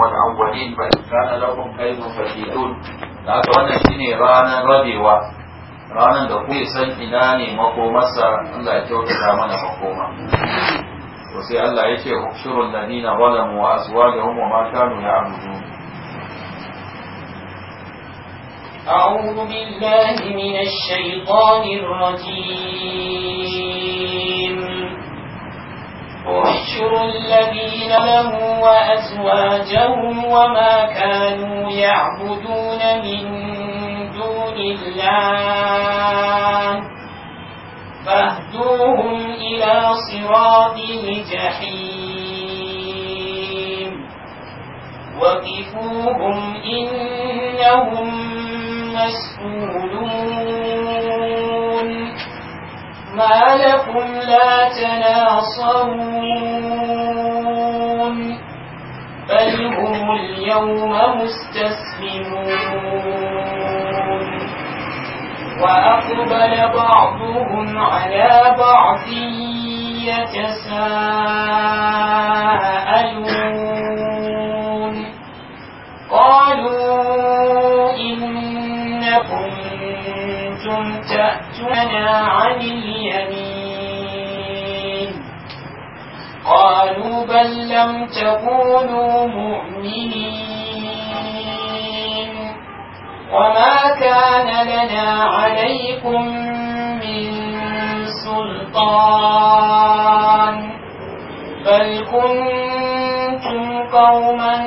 والأولين فإن كان لكم كيد da haka wannan shine ranar rabewa ranar da kuke san ina ne makomarsa Allah ya kyautata mana makoma to sai Allah ya ce hukshurul ladina zalamu wa azwajuhum wa ma kanu ya'budun أعوذ بالله من الشيطان الرجيم يحشر الذين له وأزواجهم وما كانوا يعبدون من دون الله فاهدوهم إلى صراط الجحيم وقفوهم إنهم مسؤولون ما لكم لا تناصرون بل هم اليوم مستسلمون وأقبل بعضهم على بعض يتساءلون قالوا إنكم كنتم تأتون عن اليمين قالوا بل لم تكونوا مؤمنين وما كان لنا عليكم من سلطان بل كنتم قوما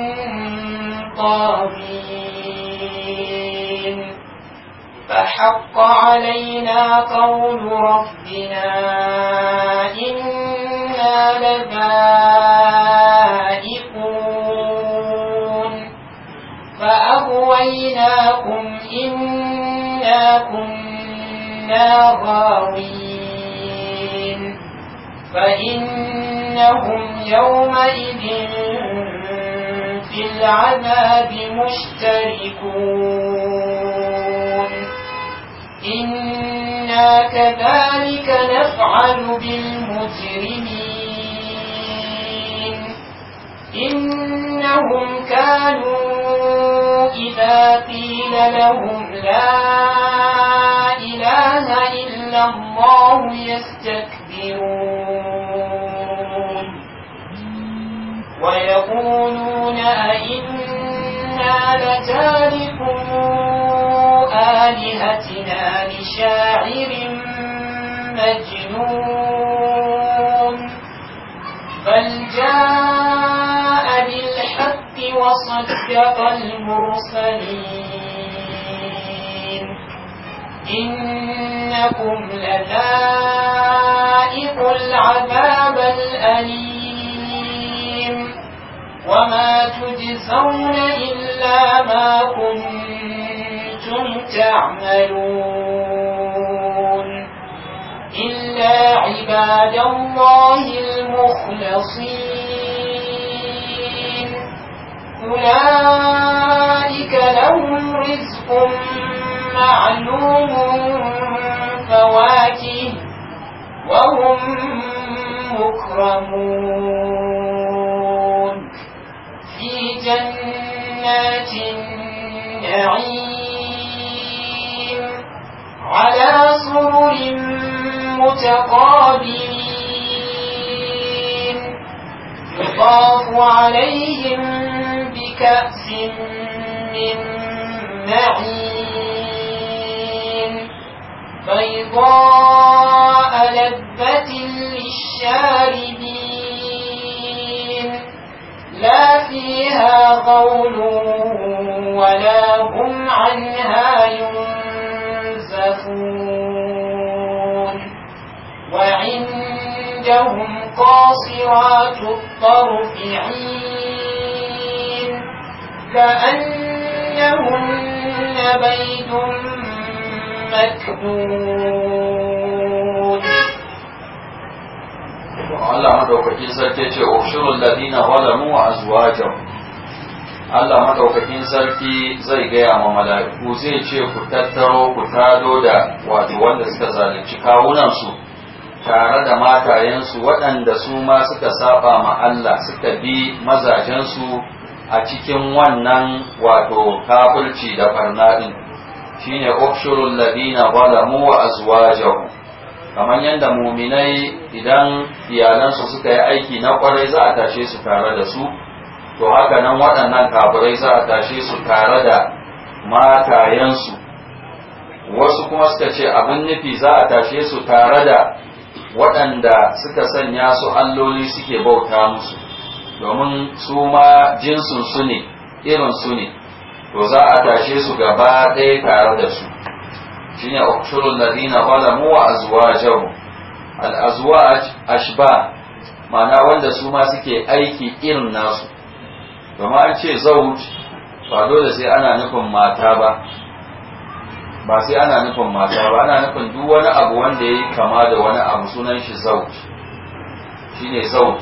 طاغين فحق علينا قول ربنا إنا لذائقون فأغويناكم إنا كنا غاوين فإنهم يومئذ في العذاب مشتركون إنا كذلك نفعل بالمجرمين إنهم كانوا إذا قيل لهم لا إله إلا الله يستكبرون ويقولون أئنا إنا لتاركو آلهتنا لشاعر مجنون بل جاء بالحق وصدق المرسلين إنكم لذائق العذاب الأليم وما تجزون إلا ما كنتم تعملون إلا عباد الله المخلصين أولئك لهم رزق معلوم فواكه وهم مكرمون جنات النعيم على سرر متقابلين يطاف عليهم بكأس من معين بيضاء لذة للشاربين لا فيها قول ولا هم عنها ينزفون وعندهم قاصرات الطرف عين كأنهن بيت مكنون Allah madaukakin sarki ce ushurul ladina zalamu wa azwajahum Allah madaukakin sarki zai gaya ma mala'iku zai ce ku tattaro ku tado da wato wanda suka zalunci kawunansu tare da matayensu waɗanda su ma suka saba ma Allah suka bi mazajensu a cikin wannan wato kafirci da barna din shine ushurul ladina zalamu wa azwajahum kamar yadda muminai idan iyalansu suka yi aiki na kwarai za a tashe su tare da su to haka nan waɗannan kafirai za a tashe su tare da matayensu wasu kuma suka ce abin nufi za a tashe su tare da waɗanda suka sanya su alloli suke bauta musu domin su ma jinsinsu ne su ne to za a tashe su gaba ɗaya tare da su shine uqtulul ladina zalamu wa azwajahum al azwaj ashba ma'ana wanda su ma suke aiki irin nasu kuma an ce zauj ba dole sai ana nufin mata ba ba sai ana nufin mata ba ana nufin duk wani abu wanda ya kama da wani abu sunan shi zauj shine zauj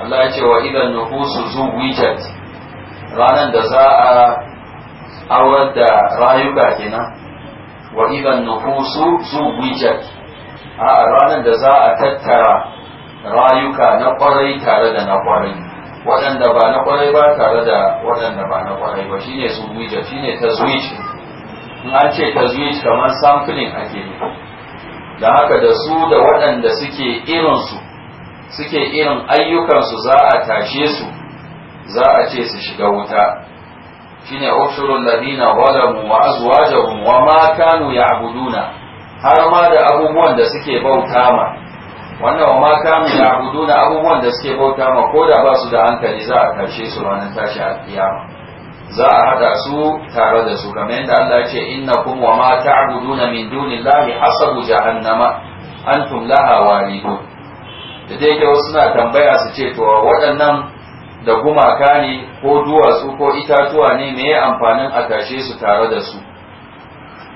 Allah ya ce wa idan nufusu zuwijat ranan da za a awar da rayuka kenan wa idan nufusu zuwijat a ranar da za a tattara rayuka na kwarai tare da na kwarai waɗanda ba na kwarai ba tare da waɗanda ba na kwarai ba shine zuwijat shine tazwij in an ce tazwij kamar sampling ake yi da haka da su da waɗanda suke su suke irin ayyukansu za a tashe su za a ce su shiga wuta shine ushurul ladina zalamu wa azwajuhum wa ma kanu ya'buduna har ma da abubuwan da suke bauta ma wannan wa ma kanu ya'buduna abubuwan da suke bauta ma ko da ba su da hankali za a karshe su ranar tashi alkiyama za a hada su tare da su kamar yadda Allah ya ce innakum wa ma ta'buduna min dunillahi hasabu jahannama antum laha walidun da dai ke wasu na tambaya su ce to waɗannan da gumaka ne ko duwatsu ko itatuwa ne me amfanin a tashe su tare da su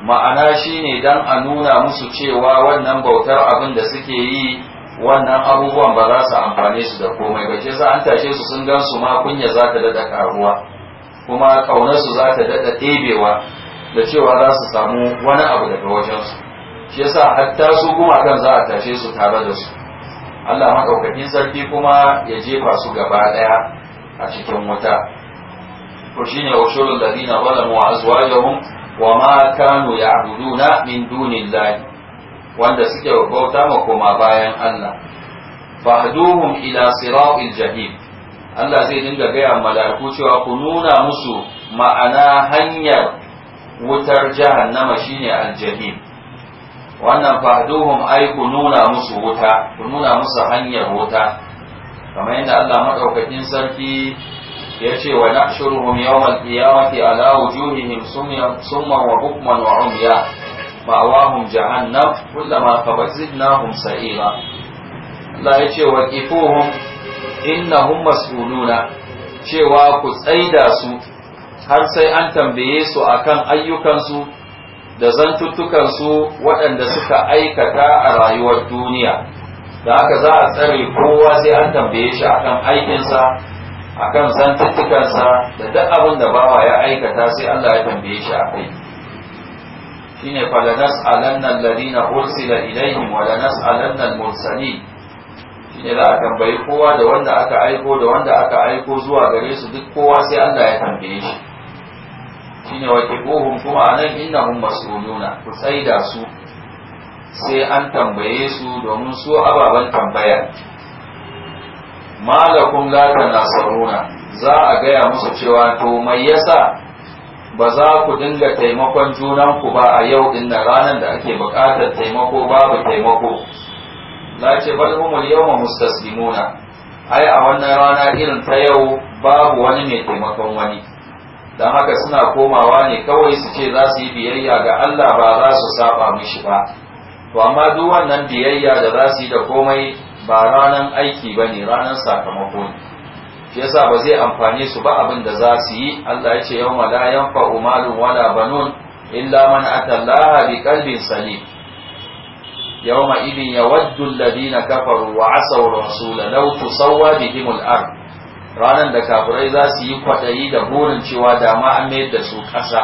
ma'ana shine dan a nuna musu cewa wannan bautar abin da suke yi wannan abubuwan ba za su amfane su da komai ba sa an tashe su sun gan su ma kunya za ta daɗa karuwa kuma ƙaunarsu za ta daɗa ɗebewa da cewa za su samu wani abu daga wajensu shi yasa hatta su gumakan za a tashe su tare da su Allah maɗaukakin sarki kuma ya jefa su gaba ɗaya a cikin wuta to shine ushurul ladina zalamu azwajuhum wa ma kanu ya'buduna min dunillahi wanda suke bauta ma kuma bayan Allah fahduhum ila siratil jahim Allah zai dinga gaya mala'iku cewa ku nuna musu ma'ana hanyar wutar jahannama shine aljahim wannan fahduhum ai ku nuna musu wuta ku nuna musu hanyar wuta kamar yadda Allah madaukakin sarki ya ce wa shuruhum yawmal qiyamati ala wujuhihim summa wa bukman wa umya ma'awahum jahannam kullama qabat sa'ira Allah ya ce wa qifuhum innahum mas'uluna cewa ku tsaida su har sai an tambaye su akan ayyukansu da zantuttukansu waɗanda suka aikata a rayuwar duniya da haka za a tsare kowa sai an tambaye shi akan aikinsa akan zantuttukansa da duk abin da bawa ya aikata sai Allah ya tambaye shi a kai shine falanas alanna alladhina ursila ilaihim wa lanas alanna shine za a tambayi kowa da wanda aka aiko da wanda aka aiko zuwa gare su duk kowa sai Allah ya tambaye shi shine wa kibuhum kuma anan innahum mas'uluna ku tsaida su sai an tambaye su domin su ababen tambaya malakum la tanasuruna za a gaya musu cewa to mai yasa ba za ku dinga taimakon junan ku ba a yau din da ranar da ake buƙatar taimako babu taimako la ce bal humul yawma mustaslimuna ai a wannan rana irin ta yau babu wani mai taimakon wani don haka suna komawa ne kawai su ce za su yi biyayya ga Allah ba za su saba mishi ba to amma duk wannan biyayya da za su yi da komai ba ranan aiki ba ne ranan sakamako ne shi yasa ba zai amfani su ba abin da za su yi Allah ya ce yawma la yanfa'u malun wala banun illa man atallaha bi qalbin salim yawma idin yawaddu alladhina kafaru wa asaw rasula tusawwa bihim al ardh ranar da kafirai za su yi kwaɗayi da burin cewa da ma an mayar da su ƙasa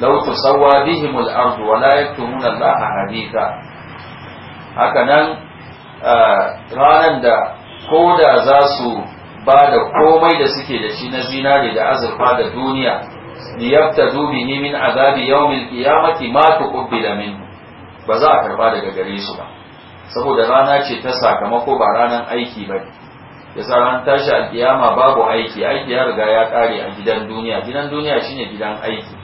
lau tusawwa bihim al-ard wa la yaktumuna Allah hadika haka nan ranan da ko da za su ba da komai da suke da shi na zinare da azurfa da duniya ni liyaftadu bihi min azabi yawmil qiyamati ma tuqbila min. ba za a karba daga gare su ba saboda rana ce ta sakamako ba ranar aiki ba ne yasa an tashi alkiyama babu aiki aiki ya riga ya kare a gidan duniya gidan duniya shine gidan aiki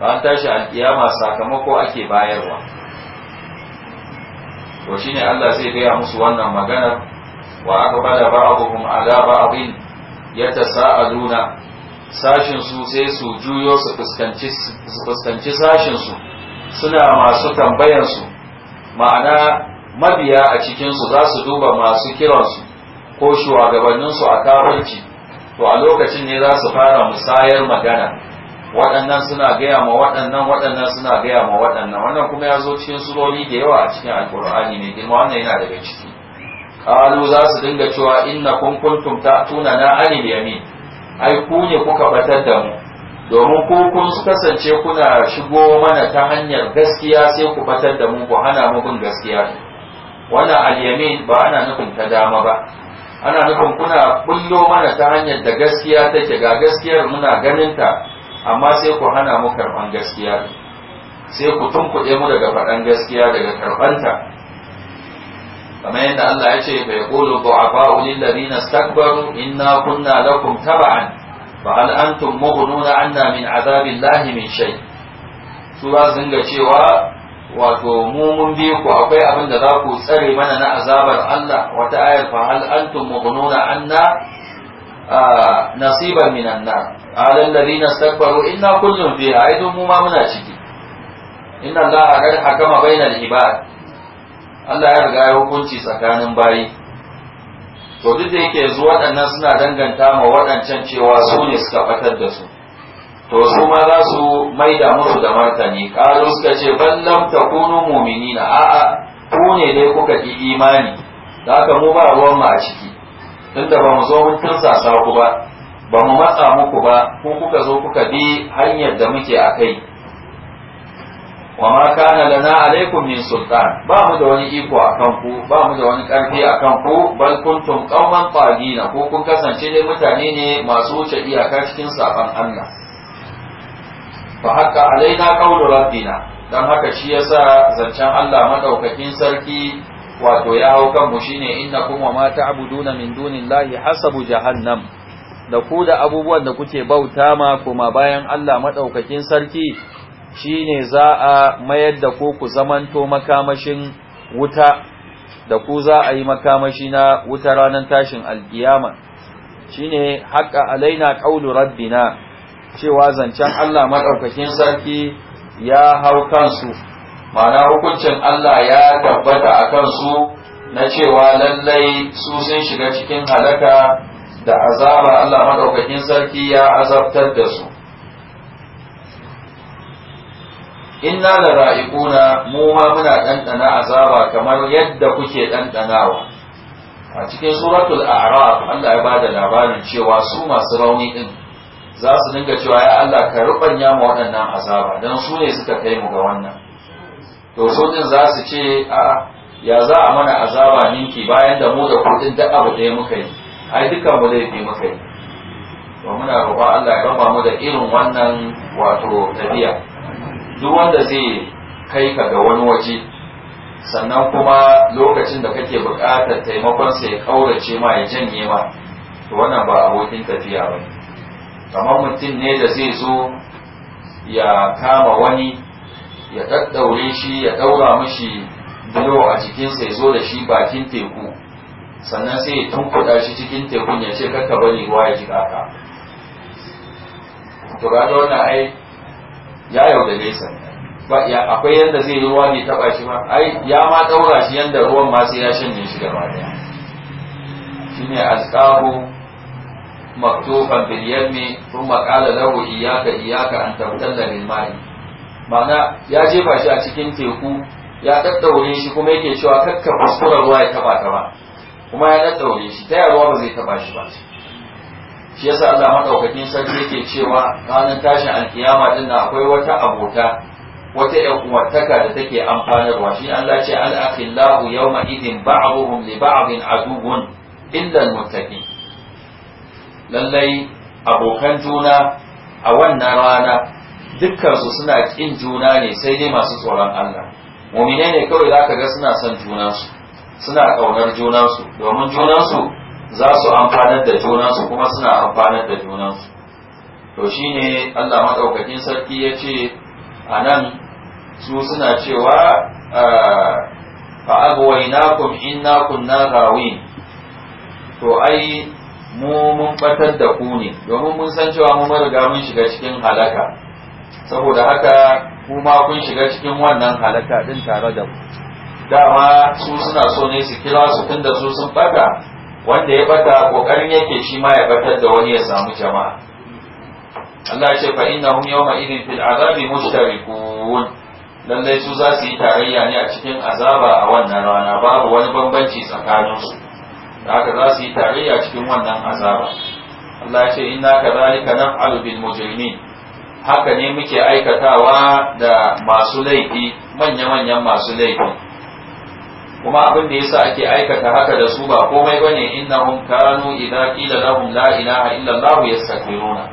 an tashi alkiyama sakamako ake bayarwa to shine Allah zai gaya musu wannan magana wa aka aqbala abin ya ta yatasaaluna sashin su sai su juyo su fuskanci su fuskanci sashin su suna masu tambayan su ma'ana mabiya a cikin su za su duba masu kiransu ko shugabanninsu a kafinci to a lokacin ne za su fara musayar magana waɗannan suna gaya ma waɗannan waɗannan suna gaya ma waɗannan wannan kuma ya zo cikin surori da yawa a cikin alkur'ani mai girma wannan yana daga ciki qalu za su dinga cewa inna kun kuntum ta'tuna na anil yamin ai ku ne kuka batar da mu domin ku kun kasance kuna shigo mana ta hanyar gaskiya sai ku batar da mu ku hana mu bin gaskiya wannan al yamin ba ana nufin ta dama ba ana nufin kuna bullo mana ta hanyar da gaskiya take ga gaskiyar muna ganin ta, amma sai ku hana mu karɓan gaskiya sai ku tunkuɗe mu daga faɗan gaskiya daga ta. kamar yadda Allah ya ce a ba du'afa'u lil ladina istakbaru inna kunna lakum taba'an fa hal antum mughnuna anna min azabillahi min shai. su ba zinga cewa wato mu mun bi ku akwai abin da za ku tsare mana na azabar Allah wata ayar fa hal antum mughnuna anna ah, nasiban minan nar alal ladina istakbaru inna kullun fi aidu mu ma muna ciki inna Allah qad hakama bainal ibad Allah ya riga ya hukunci tsakanin bayi to duk da yake yanzu waɗannan suna danganta ma waɗancan cewa su ne suka fatar da su to su ma za su maida musu da martani kalu suka ce ballam takunu mu'minina a'a ku ne dai kuka ki imani da haka mu ba ruwan mu a ciki tunda ba mu zo mun tursasa ku ba ba mu matsa muku ba ko kuka zo kuka bi hanyar da muke a kai wa ma kana lana alaikum min sultan ba mu da wani iko kan ku ba mu da wani karfi akan ku bal kuntum qauman qadina ko kun kasance ne mutane ne masu wuce iyaka cikin saban Allah fa haka alaina qawlu rabbina dan haka shi yasa zancen Allah madaukakin sarki wato ya hau kanmu shine innakum wa ma ta'buduna min dunillahi hasabu jahannam da ku da abubuwan da kuke bauta ma kuma bayan Allah madaukakin sarki shine za a mayar da ku ku zamanto makamashin wuta da ku za a yi makamashi na wuta ranar tashin alkiyama shine haƙa alaina qawlu rabbina cewa zancen Allah maɗaukakin sarki ya hau kansu ma'ana hukuncin Allah ya tabbata a kansu na cewa lallai su sun shiga cikin halaka da azaba Allah maɗaukakin sarki ya azabtar da su inna da raikuna mu ma muna ɗanɗana azaba kamar yadda kuke ɗanɗanawa a cikin suratul a'raf Allah ya bada labarin cewa su masu rauni din za su dinga cewa ya Allah ka rubanya mu waɗannan azaba don su ne suka kai mu ga wannan to sojin za su ce a ya za a mana azaba ninki bayan da mu da kudin duk abu ɗaya muka yi ai dukkan mu laifi muka yi to muna roƙa Allah ya raba mu da irin wannan wato tabiya duk wanda zai kai ka ga wani waje sannan kuma lokacin da kake buƙatar taimakon sai ya kaurace ma ya janye ma to wannan ba abokin tafiya ba ne kamar mutum ne da zai zo ya kama wani ya ɗaɗɗaure shi ya ɗaura mashi bulo a jikinsa ya zo da shi bakin teku sannan sai ya tunkuɗa shi cikin tekun ya ce kakka bari ruwa ya jiƙa ka to ga wannan ai ya yaudare sa akwai yadda zai ruwa bai taɓa shi ma ai ya ma ɗaura shi yadda ruwan ma sai ya shanye shi gaba ɗaya shine alƙahu مكتوفا باليم ثم قال له اياك اياك ان تبتل بالماء ma'ana ya jefa shi a cikin teku ya daddaure shi kuma yake cewa kakka kuskuren ruwa ya taba ta ba kuma ya daddaure shi ta ruwa ba zai taba shi ba shi yasa Allah madaukakin sarki yake cewa ranar tashin alkiyama din na akwai wata abota wata ƴan uwartaka da take amfanarwa shi Allah ce al-akhillahu yawma idin ba'dhum li ba'dhin adubun illa al-muttaqin lallai abokan juna a wannan rana dukkansu suna ƙin juna ne sai dai masu tsoron Allah mumine ne kawai za ka ga suna son junansu suna ƙaunar junansu domin junansu za su amfanar da junansu kuma suna amfanar da junansu to shine Allah maɗaukakin sarki ya ce a nan su suna cewa fa agwainakum inna kunna rawin to ai mu mun batar da ku ne domin mun san cewa mu mariga mun shiga cikin halaka saboda haka kuma kun shiga cikin wannan halaka din tare da mu dama su suna so ne su kira su tunda su sun bata wanda ya bata kokarin yake shi ma ya batar da wani ya samu jama'a Allah ce fa innahum yawma idin fil azabi mushtarikun lallai su za su yi tarayya ne a cikin azaba a wannan rana babu wani bambanci tsakaninsu da aka za su yi tarayya cikin wannan azaba Allah ya ce inna zalika naf'alu bil mujrimin haka ne muke aikatawa da masu laifi manya-manyan masu laifi kuma abin da yasa ake aikata haka da su ba komai bane innahum kanu idza qila lahum la ilaha illa Allah yastakbiruna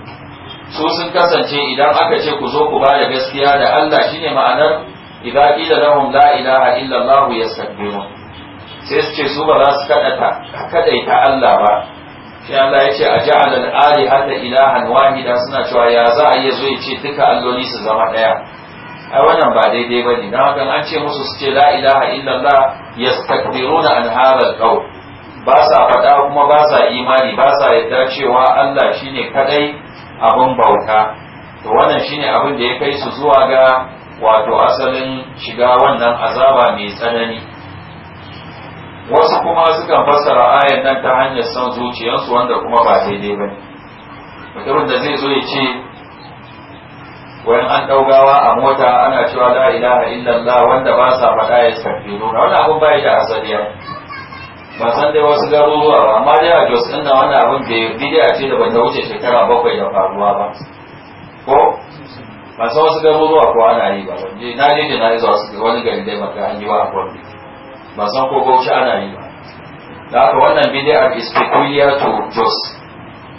su sun kasance idan aka ce ku zo ku ba da gaskiya da Allah shine ma'anar idza qila lahum la ilaha illa Allah yastakbiruna sai su ce su ba za su ta Allah ba shi Allah ya ce a ja'al al'ali hata ilahan wahida suna cewa ya za a iya zo ya ce duka alloli su zama ɗaya ai wannan ba daidai ba ne na an ce musu su ce la ilaha illallah yastakbiruna an hadha al ba sa faɗa kuma ba sa imani ba sa yadda cewa Allah shine kadai abin bauta to wannan shine abin da ya kai su zuwa ga wato asalin shiga wannan azaba mai tsanani wasu kuma sukan fassara ayan nan ta hanyar son zuciyarsu wanda kuma ba daidai ba mutumin da zai zo ya ce wani an ɗaugawa a mota ana cewa la ilaha illallah wanda ba sa faɗa ya sarfi nuna wani abin bai da asali ya ba san dai wasu garuruwa ba amma dai a jos ɗin na wani abin bidiya ce da da wuce shekara bakwai da faruwa ba ko ba san wasu garuruwa ko ana yi ba na je da na yi zuwa wani gari dai maka an yi wa a gwamnati ba san ko bauchi ana yi ba da haka wannan bid'ar is peculiar to Jos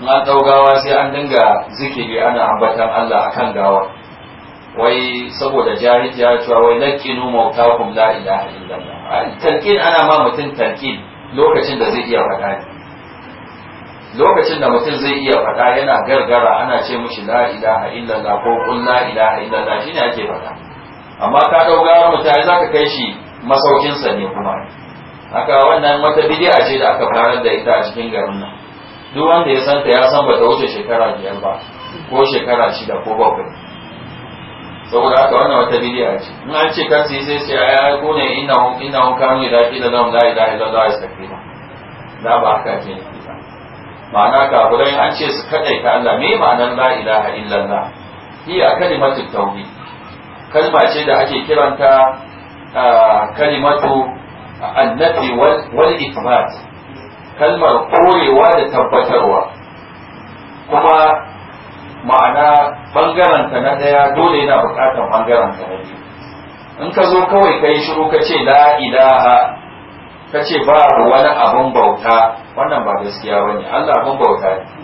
in an ɗau gawa sai an dinga zikiri ana ambatan Allah akan gawa wai saboda jahilci ya cewa wai lakinu mautakum la ilaha illallah talqin ana ma mutum talqin lokacin da zai iya faɗa lokacin da mutum zai iya faɗa yana gargara ana ce mushi la ilaha illallah ko kun la ilaha illallah shine ake faɗa amma ka dau gawar mutane zaka kai shi masaukinsa ne kuma haka wannan wata bidi'a ce da aka farar da ita a cikin garin nan duk wanda ya santa ya san bata wuce shekara biyar ba ko shekara shida ko bakwai saboda haka wannan wata bidi'a ce in an ce kan sai sai ya ko ne innahum innahum kanu idza qila lahum la ilaha illallah yastakbirun da ba haka ke ma'ana kafirai an ce su kadai ka Allah me ma'anar la ilaha illallah hiya kalimatu tauhid kalma ce da ake kiranta kalimatu annafi wal ithbat kalmar korewa da tabbatarwa kuma ma'ana bangaren ta na daya dole yana bukatar bangaren ta na biyu in ka zo kawai ka yi shiru ka ce la ilaha ka ce ba wani abin bauta wannan ba gaskiya bane Allah abin bauta ne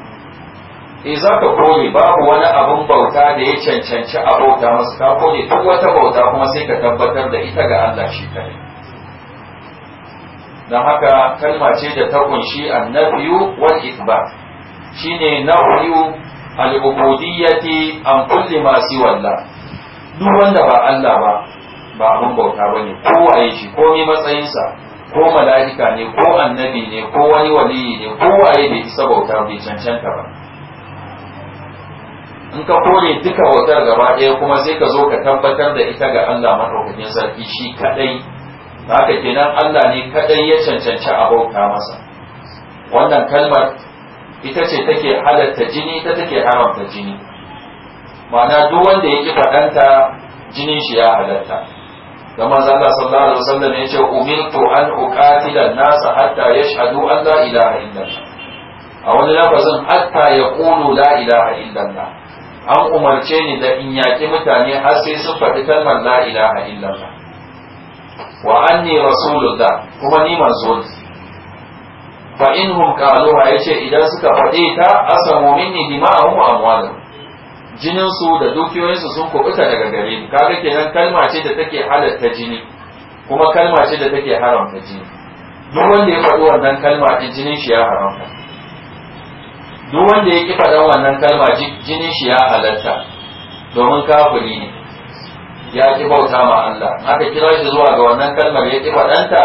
in eh, za ka kore babu wani abun bauta da ya cancanci a bauta masu ka kone duk wata bauta kuma sai ka tabbatar da ita ga Allah shi kare haka kalma ce da ta kunshi annabiyu wal isbat shine nahiyu al ubudiyyati an kulli ma walla. duk wanda ba Allah ba ba abin bauta bane waye shi komai matsayinsa ko mala'ika ne ko annabi ne ko wani waliyi ne ko waye bai isa bauta bai cancanta ba in ka kore duka wutar gaba ɗaya kuma sai ka zo ka tabbatar da ita ga Allah madaukakin sarki shi kadai haka kenan Allah ne kaɗai ya cancanci a bauta masa wannan kalmar ita ce take halatta jini ita take haramta jini ma'ana duk wanda ya ki faɗanta jinin shi ya halatta da manzo Allah sallallahu alaihi wasallam ce umirtu an uqatila an-nasa hatta yashhadu an la ilaha illallah a wani lafazin hatta ya la ilaha illallah an umarce ni da in yaƙi mutane har sai sun faɗi kalmar la ilaha illallah wa anni rasulullah kuma ni manzo ne fa inhum qaluha yace idan suka faɗe ta asamu minni dima'ahum wa amwalahum jinin su da dukiyoyin su sun kubuta daga gare ni kaga kenan kalma ce da take halatta jini kuma kalma ce da take haramta jini duk wanda ya faɗi wannan kalma din jinin shi ya haramta duk wanda ya ki faɗan wannan kalma jinin shi ya halatta domin kafuri ne ya ki bauta ma Allah aka kira shi zuwa ga wannan kalmar ya ki faɗanta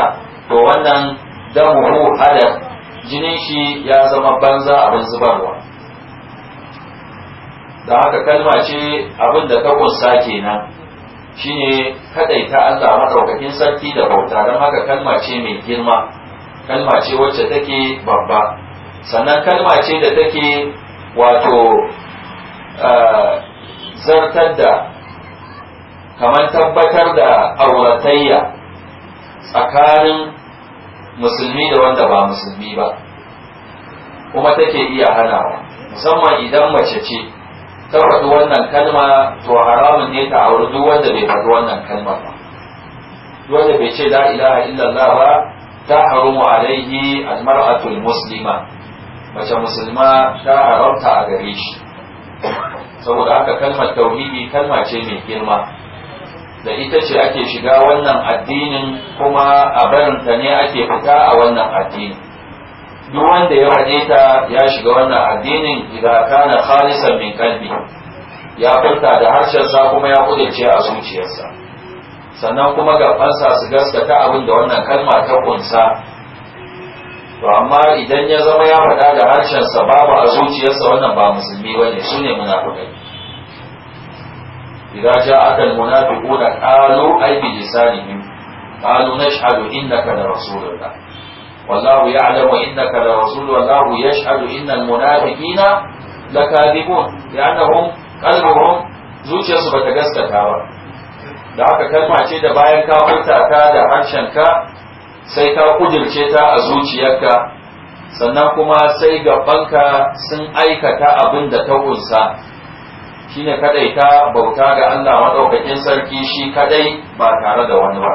to wannan damuhu hadar jinin shi ya zama banza abin zubarwa da haka kalma ce abin da ta kunsa kenan shine kadaita Allah madaukakin sarki da bauta don haka kalma ce mai girma kalma ce wacce take babba sannan kalma ce da take wato zartar da kamar tabbatar da auratayya tsakanin musulmi da wanda ba musulmi ba kuma take iya hanawa musamman idan mace ce ta faɗi wannan kalma to haramun ne ta auri duk wanda bai faɗi wannan kalma ba wanda bai ce la ilaha illallah ba ta a alaihi almar'atul muslima mace musulma ta haramta a gare shi saboda haka kalmar tauhidi kalma ce mai girma da ita ce ake shiga wannan addinin kuma a barinta ne ake fita a wannan addini duk wanda ya haɗe ta ya shiga wannan addinin idan kana khalisan min kalbi ya furta da harshensa kuma ya kudace a zuciyarsa sannan kuma gabansa su gaskata abin da wannan kalma ta kunsa to amma idan ya zama ya faɗa da harshensa babu a zuciyarsa wannan ba musulmi ba ne su ne munafukai idan ja aka munafiku da ƙalo ai bi lisanihim ƙalo na shahadu innaka da rasulullah wallahu ya'lamu innaka da rasul wallahu yashhadu innal munafiqina lakadibun li'annahum qalbuhum zuciyarsu bata gaskata ba da haka kalma ce da bayan ka furta ta da harshenka sai ka kudirce ta a zuciyarka sannan kuma sai gabanka sun aikata abin da ta kunsa shine kadai ta bauta ga Allah maɗaukakin sarki shi kadai ba tare da wani ba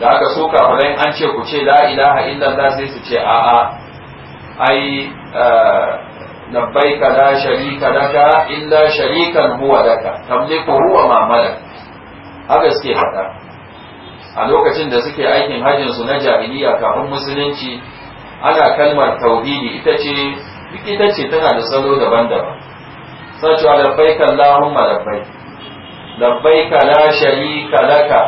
da aka so kafirai an ce ku ce la ilaha illallah sai su ce a'a ai eh, ka da sharika daga illa sharikan huwa laka tamliku huwa ma haka suke faɗa a lokacin da suke aikin hajjin su na jahiliya kafin musulunci ana kalmar tauhidi ita ce ita ce tana da salo daban-daban sai cewa labbaika allahumma labbaik labbaika la sharika laka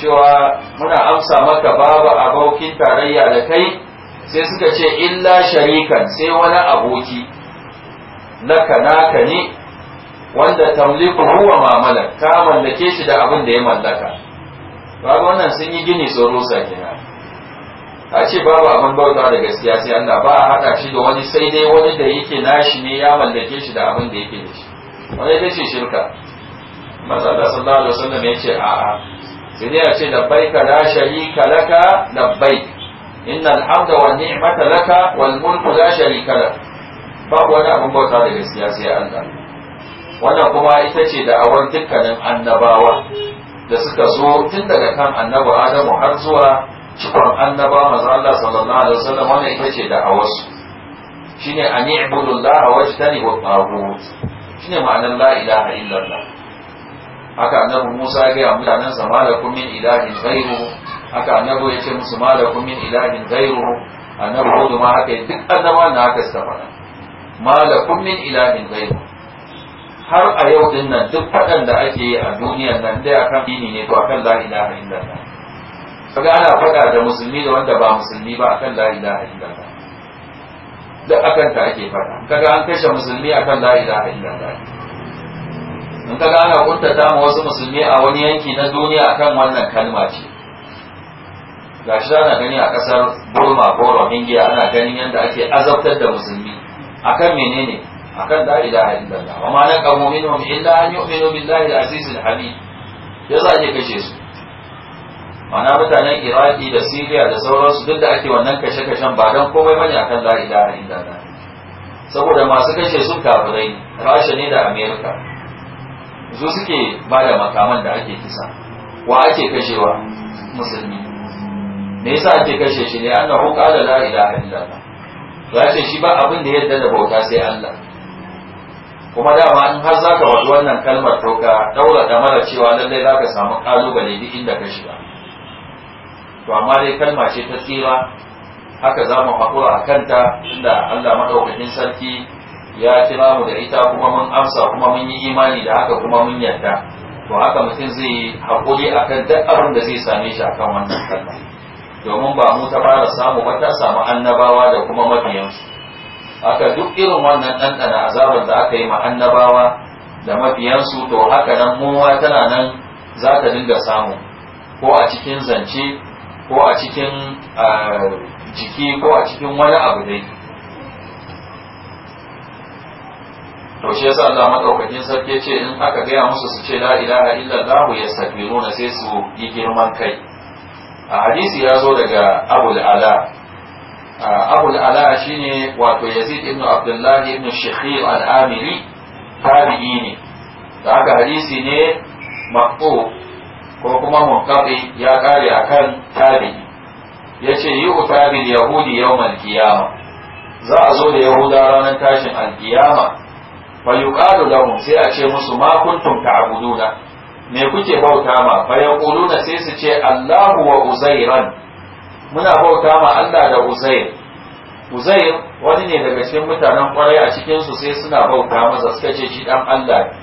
cewa muna amsa maka babu abokin tarayya da kai sai suka ce illa sharikan sai wani aboki laka naka ne wanda tamliku huwa mamala ta mallake shi da abin da ya mallaka babu wannan sun yi gini sun rusa kenan a ce babu abin bauta da gaskiya sai Allah ba a haɗa shi da wani sai dai wani da yake nashi ne ya mallake shi da abin da yake da shi wani ita ce shirka maza da sallallahu alaihi wasallam ya ce a'a sai dai a ce da shari ka laka Inna al'amda hamda wan ni'mata laka wal mulku shari ka da babu wani abin bauta da gaskiya sai Allah wannan kuma ita ce da'awar dukkanin annabawa da suka zo tun daga kan annabi adamu har zuwa cikon annaba manzo Allah sallallahu alaihi wasallam wannan ita ce da da'awarsu shine an i'budu Allah wajtani wa Shi ne ma'anar la ilaha illallah haka annabi Musa ya ga mutanen sa malakum min ilahin ghayru haka annabi ya ce musu malakum min ilahin ghayru annabi Hud ma haka duk annaba na haka suka faɗa malakum min ilahin ghayru har a yau din nan duk faɗan da ake yi a duniyar nan dai akan dini ne to akan a inda ta kaga ana faɗa da musulmi da wanda ba musulmi ba akan a inda ta duk akan ta ake faɗa kaga an kashe musulmi akan a inda ta in kaga ana kuntata ma wasu musulmi a wani yanki na duniya akan wannan kalma ce gashi ana gani a kasar Burma ko Rohingya ana ganin yadda ake azabtar da musulmi akan menene akan da la ilaha illallah wa ma naqamu minhum illa an yu'minu billahi al-aziz al-hamid ya za a kashe su mana mutanen iraki da siriya da sauransu duk da ake wannan kashe-kashen ba don komai bane akan la ilaha Allah saboda masu kashe sun kafirai rasha ne da amerika su suke ba da makaman da ake kisa wa ake kashewa musulmi me yasa ake kashe shi ne annahu qala la ilaha Allah ya ce shi ba abin da yadda da bauta sai Allah kuma dama in har za ka wasu wannan kalmar to ka daura da mara cewa lallai za ka samu kalubale duk inda ka shiga to amma dai kalma ce ta tsira haka za mu haƙura a kanta inda Allah maɗaukakin sarki ya kira mu da ita kuma mun amsa kuma mun yi imani da haka kuma mun yarda to haka mutum zai haƙuri a kan duk abin da zai same shi a kan wannan kalma domin ba mu ta fara samu ba ta samu annabawa da kuma mabiyansu haka duk irin wannan ɗanɗana azabar da aka yi ma annabawa da mabiyansu to haka nan muwa tana nan za ta dinga samu ko a cikin zance ko a cikin jiki ko a cikin wani abu dai to shi yasa Allah madaukakin sarki ce in aka gaya musu su ce la ilaha illallah ya sabiru na sai su yi girman kai a hadisi ya zo daga abul ala abul ala shine wato yazid ibn Abdullahi ibn shakhir al-amiri tabi'i ne da aka hadisi ne maqtu ko kuma munqati ya kare kan tabi'i yace yi bil yahudi yawm al za a zo da yahuda ranar tashin al yi fa da lahum sai a ce musu ma kuntum ta'buduna me kuke bauta ma fa yaquluna sai su ce Allahu wa uzairan muna bauta ma Allah da Uzair Uzair wani ne daga cikin mutanen kwarai a cikinsu sai suna bauta masa suka ce shi dan Allah ne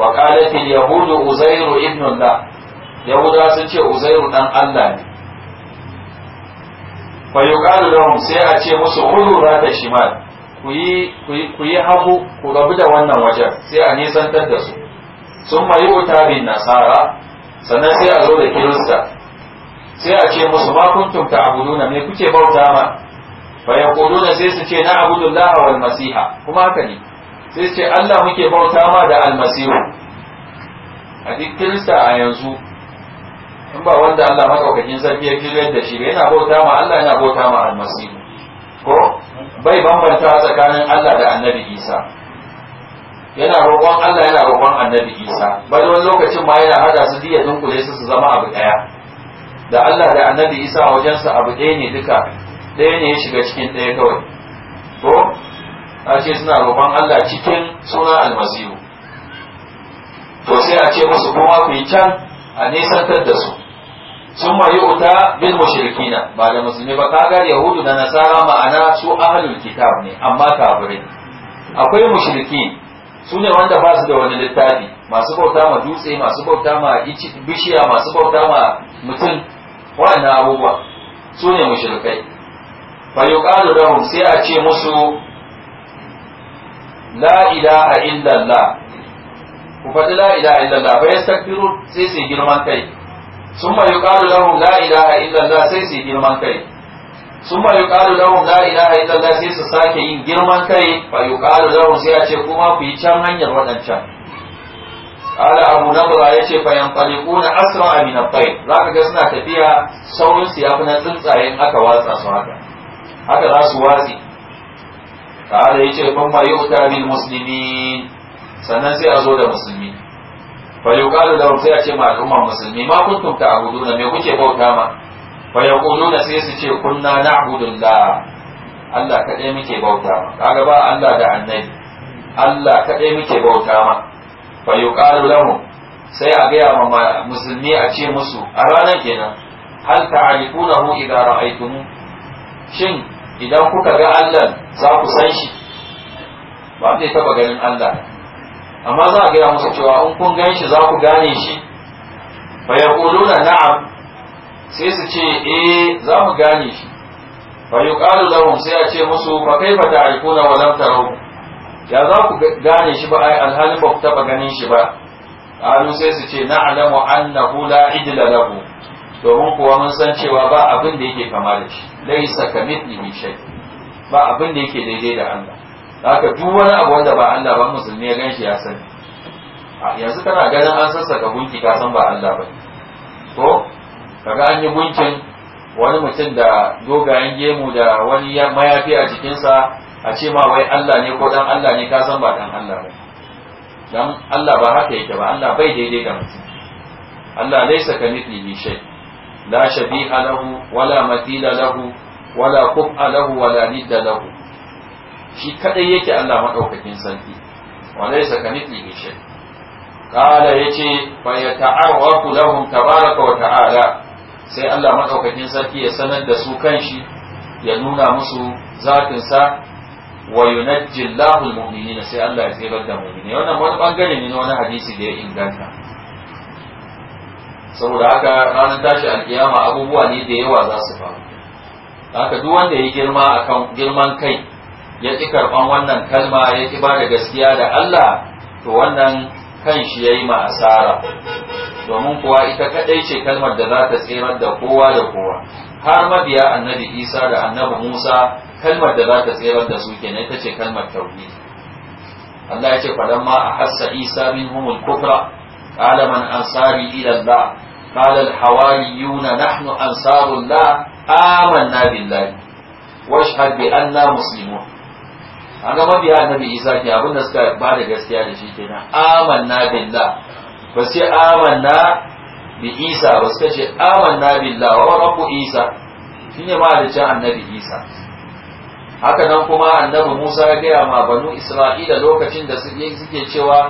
wa qalat al yahud Uzair ibn Allah yahuda sun ce Uzair dan Allah ne fa yuqalu lahum sai a ce musu khudhu da shimal ku yi ku yi hagu ku rabu da wannan wajen sai a nisantar da su sun mayu ta bin nasara sannan sai a zo da kirista sai a ce musu ma kuntum ta'buduna me kuke bauta ma fa yaquluna sai su ce na abudullaha wal masiha kuma haka ne sai su ce Allah muke bauta ma da almasihu a duk kirista a yanzu in ba wanda Allah madaukakin sarki ya kiriyar da shi ba yana bauta ma Allah yana bauta ma almasihu ko bai bambanta tsakanin Allah da annabi Isa yana roƙon Allah yana roƙon annabi Isa bai wani lokacin ma yana hada su diya dunkule su su zama abu ɗaya da Allah da annabi Isa a wajensa abu ɗaya ne duka ɗaya ne ya shiga cikin ɗaya kawai ko a ce suna roƙon Allah cikin sunan almasihu to sai a ce musu kuma ku yi can a nisantar da su sun ma yi'uta bil mushrikina ba da musulmi ba kagar yahudu da nasara ma'ana su ahlul kitab ne amma kafirai akwai mushriki su ne wanda ba su da wani littafi masu bauta ma dutse masu bauta ma bishiya masu bauta ma mutum waɗannan abubuwa su ne mushrikai fa yuqalu lahum sai a ce musu la ilaha illallah ku faɗi la ilaha illallah fa yastakbiru sai su girman kai summa yuqalu lahum la ilaha illallah sai su girman kai summa yuqalu lahum la ilaha illallah sai su sake yin girman kai fa yuqalu lahum sai a ce kuma ku yi can hanyar waɗancan ala abu na nabra ya ce fayan falikuna asra min at-tayr zaka ga suna tafiya saurin su fi na tsuntsaye aka watsa su haka haka za su watsi ta'ala ya ce kuma yu'ta bil muslimin sannan sai a zo da musulmi falyuqalu da sai a ce ma al'umma musulmi ma kun kuntum ta'buduna me kuke bauta ma fayaquluna sai su ce kunna na'budullah Allah kaɗai muke bauta ma kaga ba Allah da annabi Allah kaɗai muke bauta ma fa yuqalu lahum sai a gaya ma musulmi a ce musu a ranar kenan hal ta'rifunahu idza ra'aytumu shin idan kuka ga Allah za ku san shi ba zai taba ganin Allah amma za a gaya musu cewa in kun gan shi za ku gane shi fa yaquluna na'am sai su ce eh za mu gane shi fa yuqalu lahum sai a ce musu fa kaifa ta'rifuna wa lam tarahu ya za ku gane shi ba ai alhalin ba ku taba ganin shi ba Alu sai su ce alamu annahu la idla lahu domin kuwa mun san cewa ba abin da yake kama da shi laysa min shay ba abin da yake daidai da Allah haka duk wani abu wanda ba Allah ba musulmi ya ganshi ya sani yanzu kana ganin an sassaka gunki ka san ba Allah ba ko kaga an yi gunkin wani mutum da dogayen gemu da wani mayafi a jikinsa a ce ma wai Allah ne ko dan Allah ne ka san ba dan Allah ba dan Allah ba haka yake ba Allah bai daidai da mutum Allah laysa kamithlihi shay la shabiha lahu wala mathila lahu wala kufa lahu wala nidda lahu shi kadai yake Allah madaukakin sarki wa laysa kamithlihi shay قال يجي فيتعرف لهم تبارك وتعالى sai Allah maɗaukakin sarki ya sanar da su kanshi ya nuna musu zakinsa. wa yunajji Allahu almu'minina sai Allah ya tsirar da mu'mini wannan wani bangare ne na wani hadisi da ya inganta saboda haka ranar tashi alkiyama abubuwa ne da yawa za su faru haka duk wanda ya girma akan girman kai ya ƙi karɓan wannan kalma ya ƙi ba da gaskiya da Allah to wannan kan shi ya yi asara domin kuwa ita kaɗai ce kalmar da za ta tserar da kowa da kowa har mabiya annabi isa da annabi musa kalmar da za ta tserar da su kenan ita ce kalmar tauhidi Allah ya ce faɗan ma a hassa isa min humul kufra qala man ansari ila Allah qala nahnu hawariyuna nahnu ansarullah amanna billahi washhad bi anna muslimun A ga mabiya annabi isa ke abin da suka ba da gaskiya da shi kenan amanna billah ba sai amanna bi isa ba suka ce amanna billah wa rabbu isa shine ma da annabi isa haka nan kuma annabi Musa ya gaya ma banu Isra'ila lokacin da suke suke cewa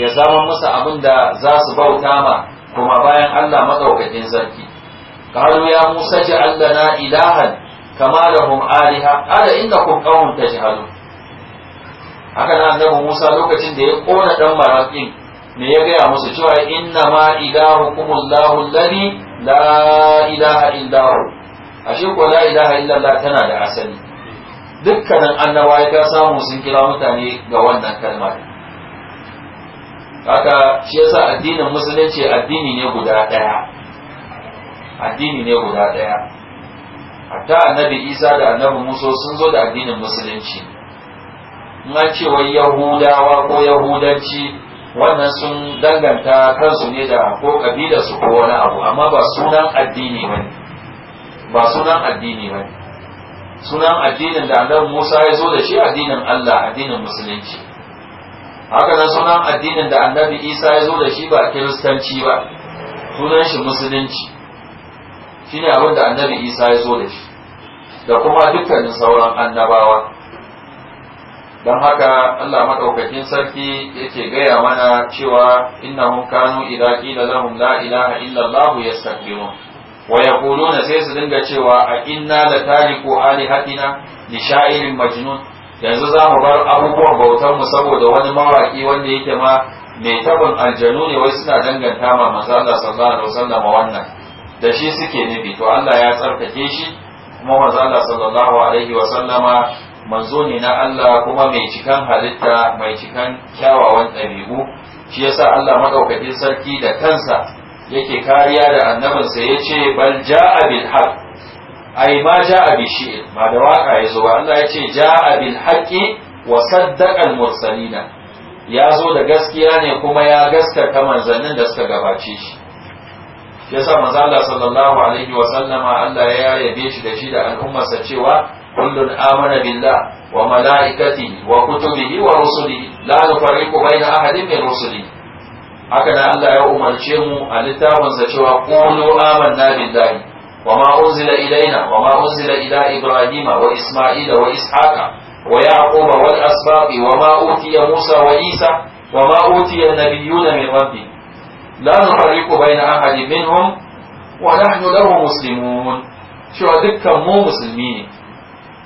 ya zama musu abin da za su bauta ma kuma bayan Allah madaukakin sarki Kalu ya Musa allah na ilahan kama hum aliha ala innakum ta jihalu. haka nan annabi Musa lokacin da ya kona dan maraƙin me ya gaya musu cewa inna ma kumullahu alladhi la ilaha illa ashe ko la ilaha illa tana da asali dukkanin annawa ya ta samu sun kira mutane ga wannan kalma haka shi yasa addinin musulunci addini ne guda ɗaya addini ne guda ɗaya hatta annabi isa da annabi musa sun zo da addinin musulunci na cewa ce yahudawa ko yahudanci wannan sun danganta kansu ne da ko kabilarsu ko wani abu amma ba sunan addini ba ba sunan addini ba ne sunan addinin da annabi Musa ya zo da shi addinin Allah addinin musulunci haka nan sunan addinin da annabi Isa ya zo da shi ba kiristanci ba sunan shi musulunci shine abin da annabi Isa ya zo da shi da kuma dukkanin sauran annabawa don haka Allah maɗaukakin sarki yake gaya mana cewa "Inna innahum kanu idaki da lahum la ilaha illa Allah yastakbirun wa yaquluna sai su dinga cewa a inna la ali alihatina li sha'irin majnun yanzu za mu bar abubuwan bautar mu saboda wani mawaki wanda yake ma mai tabon aljanu ne wai suna danganta ma manzo Allah sallallahu alaihi wasallam wannan da shi suke nufi to Allah ya tsarkake shi kuma manzo Allah sallallahu alaihi wasallama manzo ne na Allah kuma mai cikan halitta mai cikan kyawawan ɗabi'u shi yasa Allah madaukakin sarki da kansa yake kariya da annabinsa ya ce bal ja'a bil haq ai ma ja'a bi shi ba da waka ya zo Allah ya ce ja bil haqqi wa saddaqa al mursalina ya zo da gaskiya ne kuma ya gaskata manzannin da suka gabace shi yasa manzo Allah sallallahu alaihi wa sallama Allah ya yabe shi da shi da al'ummarsa cewa kullun amana billah wa malaikatihi wa kutubihi wa rusulihi la nufarriqu baina ahadin min rusulihi haka da Allah ya umarce mu a littafinsa cewa qulu amanna billahi wa ma unzila ilaina wa ma unzila ila ibrahima wa isma'ila wa ishaqa wa yaquba wal asbaqi wa ma utiya musa wa isa wa ma utiya nabiyuna min rabbi la nufarriqu baina ahadin minhum wa nahnu lahu muslimun cewa dukkan mu musulmi ne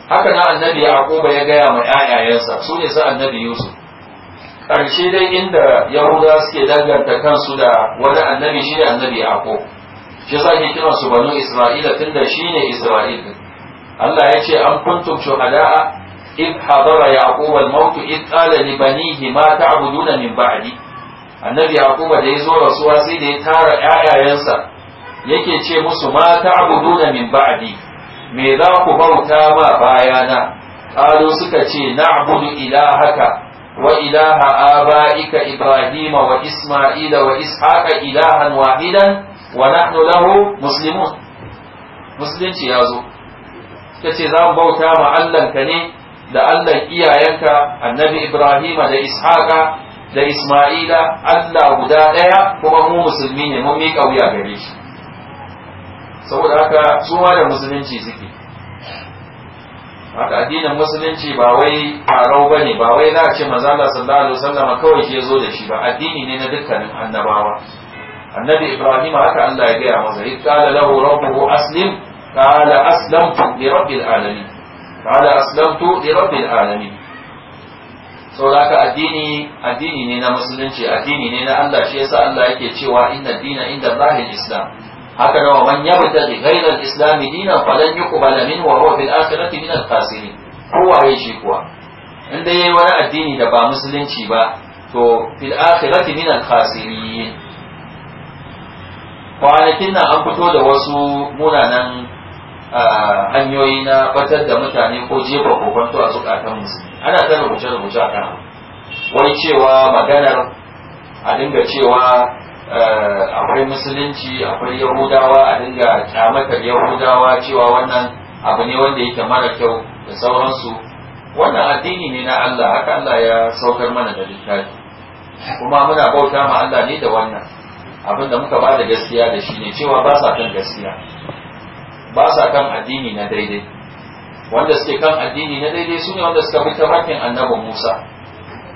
haka nan annabi yaquba ya gaya ma 'ya'yayansa su ne sa annabi yusuf ƙarshe dai inda yahuda suke danganta kansu da wani annabi shi ne annabi ako shi za ke kiran su banu isra'ila tun da shi ne isra'il Allah ya ce an kuntum shuhada'a in hadara yaqub al mautu in qala li banihi ma ta'buduna min ba'di annabi yaqub da ya zo rasuwa sai da ya tara ƴaƴayensa yake ce musu ma ta'buduna min ba'di me za ku bauta ma bayana qalu suka ce na na'budu haka. وإله آبائك إبراهيم وإسماعيل وإسحاق إلها واحدا ونحن له مسلمون musulunci ya zo ta ce za mu bauta ma Allahnka ne da Allahn iyayenka annabi Ibrahima da Ishaqa da Ismaila Allah guda ɗaya kuma mu musulmi ne mun miƙa wuya gare shi saboda haka su da musulunci suke haka addinin musulunci ba wai farau bane ba wai za a ce manzo Allah sallallahu alaihi wasallam kawai shi yazo da shi ba addini ne na dukkanin annabawa annabi Ibrahim haka Allah ya gaya masa idh qala lahu rabbuhu aslim qala aslamtu li rabbil alamin qala aslamtu li rabbil alamin haka addini addini ne na musulunci addini ne na Allah shi yasa Allah yake cewa inna dina inda zahir Islam haka nawa man yabtaji da al-islam dinan falan yuqbala minhu wa huwa fil akhirati min al-khasirin kowa ya shi kuwa in dai yayi wani addini da ba musulunci ba to fil akhirati min al-khasirin kwanakin nan an fito da wasu munanan hanyoyi na batar da mutane ko jefa kokonto a zukatan musu, ana ta rubuce-rubuce a kan wai cewa maganar a dinga cewa Eh, akwai musulunci akwai yahudawa a dinga kyamatar yahudawa cewa wannan abu ne wanda yake mara kyau da sauransu wannan addini ne na Allah haka Allah ya saukar mana da littafi kuma muna bauta ma Allah ne da wannan abin da muka bada gaskiya da shi ne cewa ba sa kan gaskiya ba sa kan addini na daidai wanda suke kan addini na daidai su ne wanda suka bi ta bakin Musa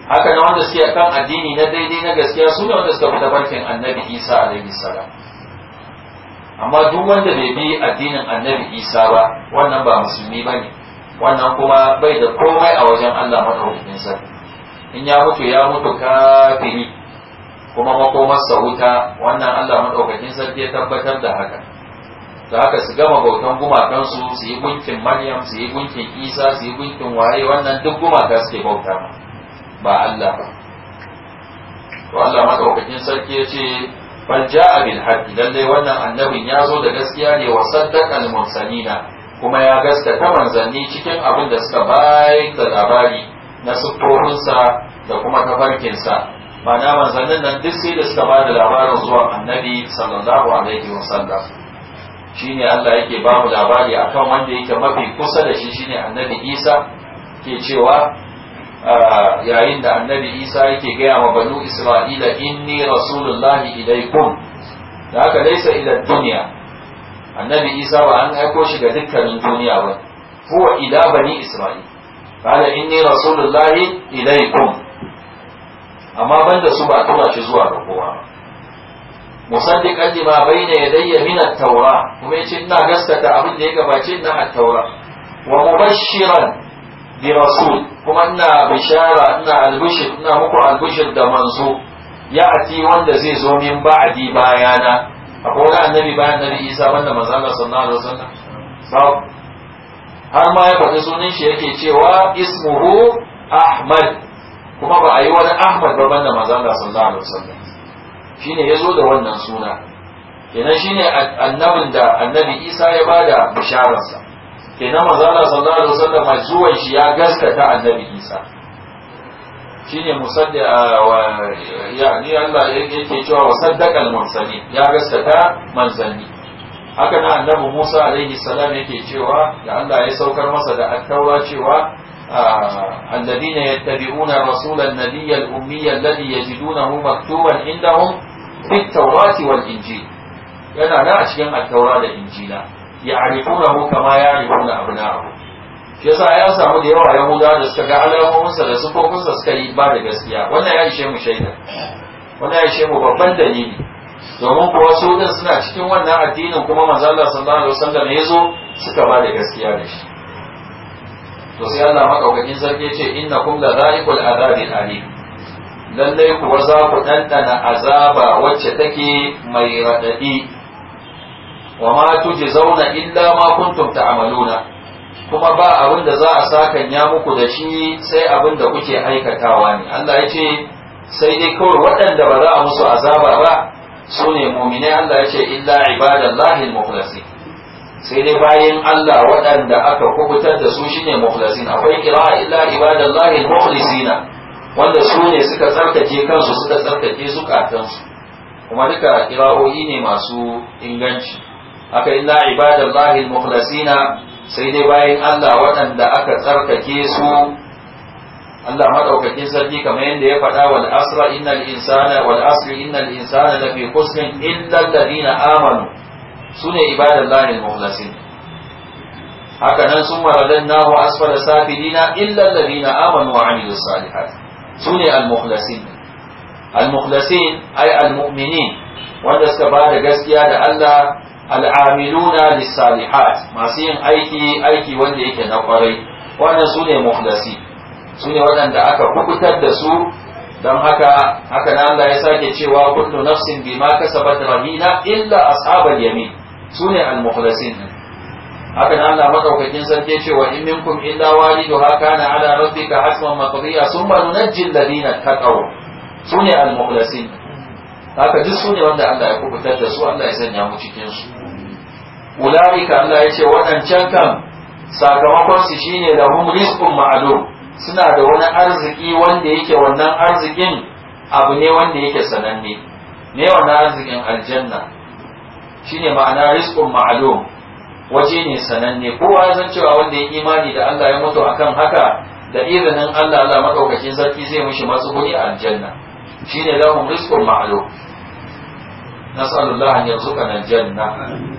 haka na wanda suke kan addini na daidai na gaskiya su ne wanda suka fi barkin annabi isa alaihi salam amma duk wanda bai bi addinin annabi isa ba wannan ba musulmi ba ne wannan kuma bai da komai a wajen allah maɗaukakin in ya mutu ya mutu kafiri kuma makomarsa wuta wannan allah maɗaukakin sarki ya tabbatar da haka da haka su gama bautan gumakansu su yi gunkin maryam su yi gunkin isa su yi gunkin waye wannan duk gumaka suke bauta ma ba Allah ba to Allah madaukakin sarki ya ce bal ja'a bil haqqi lalle wannan annabin ya zo da gaskiya ne wa saddaqa al mursalina kuma ya gaskata manzanni cikin abin da suka bayar da labari na siffofinsa da kuma tafarkinsa ma'ana manzannin nan duk sai da suka ba da labarin zuwa annabi sallallahu alaihi wasallam shine Allah yake ba mu labari akan wanda yake mafi kusa da shi shine annabi Isa ke cewa yayin da annabi isa yake gaya ma banu isra'ila inni rasulullahi ilaikum da haka laisa ila duniya annabi isa ba an aiko shi ga dukkanin duniya ba huwa ila bani isra'il qala inni rasulullahi ilaikum amma banda su ba tura shi zuwa ga kowa ba musaddiqan lima bayna yadayya min at-taura kuma yace ina gaskata abin da ya gabace na at-taura wa mubashiran bi rasul kuma ina bishara ina albishir ina muku albishir da manzo ya ati wanda zai zo min ba'adi bayana akwai wani annabi bayan annabi Isa wanda manzo Allah sallallahu alaihi wasallam har ma ya faɗi sunan shi yake cewa ismuhu Ahmad kuma ba a yi wani Ahmad ba banda manzo Allah sallallahu alaihi wasallam shine yazo da wannan suna kenan shine annabin da annabi Isa ya bada bishararsa kenan manzala sallallahu alaihi wasallam zuwan shi ya gaskata annabi isa shine musaddi yani Allah yake cewa wa saddaqal mursali ya gaskata manzani. haka na annabi Musa alaihi salam yake cewa da Allah ya saukar masa da attaura cewa alladhina yattabi'una rasulan nabiyyal ummiyya alladhi yajidunahu maktuban indahum fit tawrati wal injil yana da a cikin attaura da injila Ya ya'rifunahu kama ya ya'rifuna abna'ahum shi yasa ya samu da yawa yahuda da suka ga alamominsa da sufofinsa suka yi ba da gaskiya wannan ya ishe mu shaida wannan ya ishe mu babban dalili domin kuwa su din suna cikin wannan addinin kuma manzo Allah sallallahu alaihi wasallam ya zo suka ba da gaskiya da shi to sai Allah makaukakin sarki ya ce innakum la za'iqul azabil alim lallai kuwa za ku dandana azaba wacce take mai radadi wa ma tujzauna illa ma kuntum ta'maluna kuma ba abin da za a sakanya muku da shi sai abin da kuke aikatawa ne Allah ya ce sai dai kawai waɗanda ba za a musu azaba ba su ne muminai Allah ya ce illa ibadallahi al-mukhlasin sai dai bayan Allah waɗanda aka kubutar da su shine mukhlasin akwai kira illa ibadallahi al wanda su ne suka tsarkake kansu suka tsarkake su katansu kuma duka kira'o'i ne masu inganci haka illa ibadallahi al-mukhlasina sai dai bayan Allah waɗanda aka tsarkake su Allah madaukakin sarki kamar yadda ya faɗa wal asra innal insana wal asri innal insana lafi khusrin illa alladhina amanu sune ibadallahi al-mukhlasin haka nan sun maradannahu asfala safilina illa alladhina amanu wa amilus salihat ne al-mukhlasin al-mukhlasin ay al-mu'minin wanda suka ba da gaskiya da Allah al'amiluna lissalihat masu yin aiki aiki wanda yake na kwarai wannan su ne muhdasi su ne waɗanda aka kukutar da su don haka haka nan Allah ya sake cewa kullu nafsin bima kasabat rahina illa ashabal yamin su ne al-muhlasin haka nan Allah madaukakin sarki cewa in minkum illa waliduha kana ala rabbika hasban maqdiya thumma nunajji alladhina taqaw su ne al-muhlasin haka duk su ne wanda Allah ya kubutar da su Allah ya sanya mu cikin su ulaika Allah ya ce waɗancan kan sakamakon su shine da hum rizqun ma'lum suna da wani arziki wanda yake wannan arzikin abu ne wanda yake sananne ne wannan arzikin aljanna shine ma'ana rizqun ma'lum waje ne sananne kowa ya san cewa wanda ya imani da Allah ya mutu akan haka da izinin Allah Allah madaukakin sarki zai mishi matsuguni a aljanna shine lahum rizqun ma'lum nas'alullah an yarzuqana aljanna